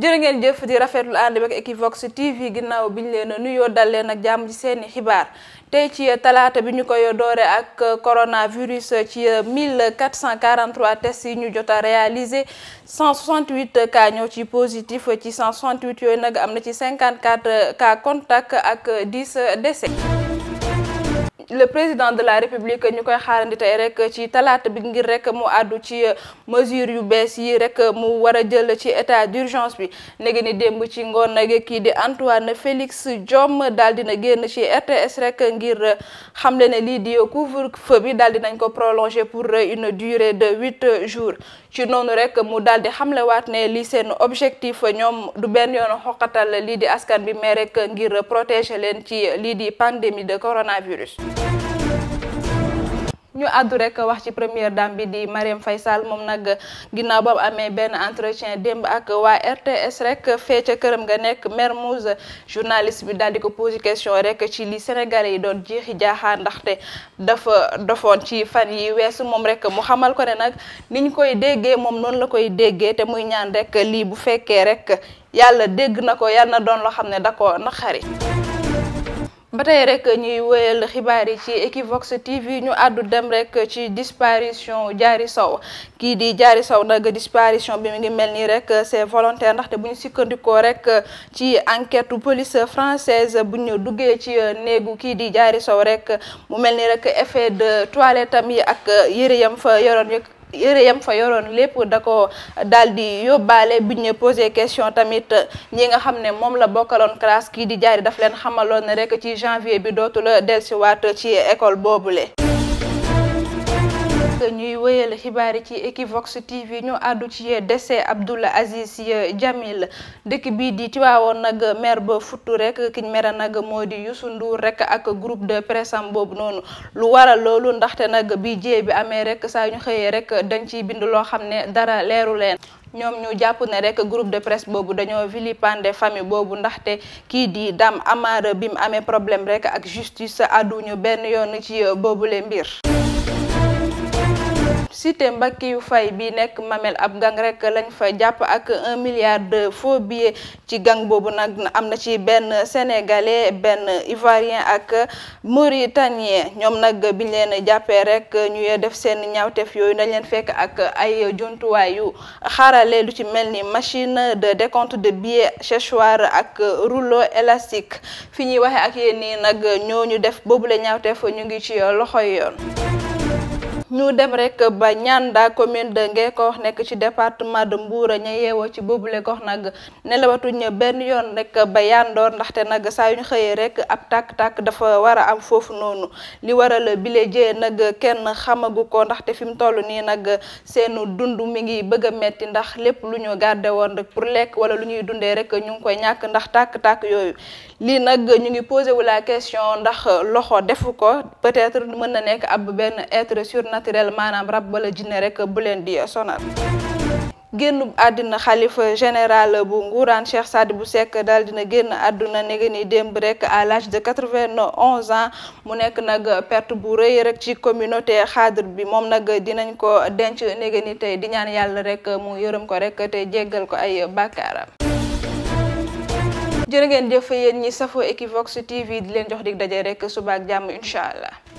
jër ngeen jëf di rafetlu ànd bi ak Equivox TV ginnaaw bi ñu leen nuyoo dal leen ak jàmm ci seeni xibaar tey ci talaata bi ñu koy doore ak coronavirus ci 1443 tests yi ñu jot a réalisé 168 cas ci positif ci yooyu nag am na ci 54 cas contact ak 10 décès. le président de la république ñu koy xaarandi tey rek ci talaata bi ngir rek mu àddu ci euh, mesure yu bees yi rek mu war a jël ci état d'urgence bi léegi ni démb ci ngoon nag kii di Antoine Félix Diome daal dina génn ci RTS rek ngir euh, xamle ne lii di couvre-feu bi daal dinañ ko prolonger pour euh, une durée de huit jours ci noonu rek mu daal di xamlewaat ne lii seen objectif ñoom du benn yoon xoqatal lii di askan bi mais rek ngir protéger leen ci lii di pandémie de coronavirus ñu àddu rekk wax ci première dame bi di Marième faysal moom nag ginnaaw ba amee benn entretien démb ak waa RTS rek fee ca këram nga nekk Mermoz journaliste bi daal di ko posé question rek ci li Sénégalais yi doon jeexi jaaxaar ndaxte dafa dofoon ci fan yi weesu moom rekk mu xamal ko ne nag niñ koy déggee moom noonu la koy déggee te muy ñaan rekk lii bu fekkee rekk yàlla dégg na ko yàlla na doon loo xam ne da ko naqari ba tey rek ñuy wéyal xibaar yi ci Equivox TV ñu àddu dem rek ci disparition jaari Sow kii di jaari Sow nag disparition bi mi ngi mel nii rek c'est volontaire ndaxte bu ñu sikkandikoo rek ci enquête police française bu ñu duggee ci néegu kii di jaari Sow rek mu mel ni rek effet de toilette am yi ak yëre yam fa yoroon yëg yëre yam fa yoroon lépp da ko daal di yóbbaale biñ ñu posé question tamit ñi nga xam ne moom la bokkaloon classe kii di jaari daf leen xamaloon ne rek ci janvier bi dootul dellusiwaat ci école boobule. ñuy wéyal xibaar yi ci Equivox TV ñu àddu ci décès Abdoul Aziz Jamil dëkk bii di Tiwaawoon nag maire ba futtu rek kiñ mere nag moo di Youssou Ndour rek ak groupe de presse boobu noonu lu waral loolu ndaxte nag bi jée bi amee rek saa ñu xëyee rek dañ ciy bind loo xam ne dara leeru leen ñoom ñu jàpp ne rek groupe de presse boobu dañoo vilipender famille boobu ndaxte kii di Dame Amar bi mu amee problème rek ak justice àdduñu benn yoon ci boobu boobule mbir cité Mbackiou fay bi nekk Mamel ab gang rek lañ fa jàpp ak un milliard de faux billets ci gang boobu nag am na ci benn sénégalais benn ivoirien ak mauritanien ñoom nag biñ leen jàppee rek ñuy def seen ñaawteef yooyu dañ leen fekk ak ay jumtuwaay yu xarale lu ci mel ni machine de décompte de billets séchoir ak rouleau élastique fi ñuy waxee ak yéen nii nag ñoo ñu def boobu boobule ñaawteef ñu ngi ci loxo yoon. ñu dem rek ba Nianda commune de Ngékox nekk ci département de Mbour ña yewoo ci boobule gox nag nelawatuñ benn yoon rek ba yandoor ndaxte nag saa yu ñu xëyee rek ab tàkk-tàkk dafa war a am foofu noonu li waral bile jee nag kenn xamagu ko ndaxte fi mu toll nii nag seenu dund mi ngi bëgg a metti ndax lépp lu ñu gàdde woon rek pour lekk wala lu ñuy dundee rek ñu ngi koy ñàkk ndax tàkk-tàkk yooyu lii nag ñu ngi posé wu la question ndax loxo defu ko peut-être mën na nekk ab benn être surnaturel maanaam rab bala jinne rek bu leen di sonal. génn àddina xalifa général bu Ngourane Cheikh bu Seck daal dina génn àdduna ne démb rek à lage de quatre-vingt-onze ans mu nekk nag perte bu rëy rek ci communauté xaadir bi moom nag dinañ ko denc ne ni tey di ñaan yàlla rek mu yërëm ko rek te jéggal ko ay bàkkaaram jërë ngeen jëf yéen ñi safoo Equivox TV di leen jox dig daje rek suba ak jàmm incha allah.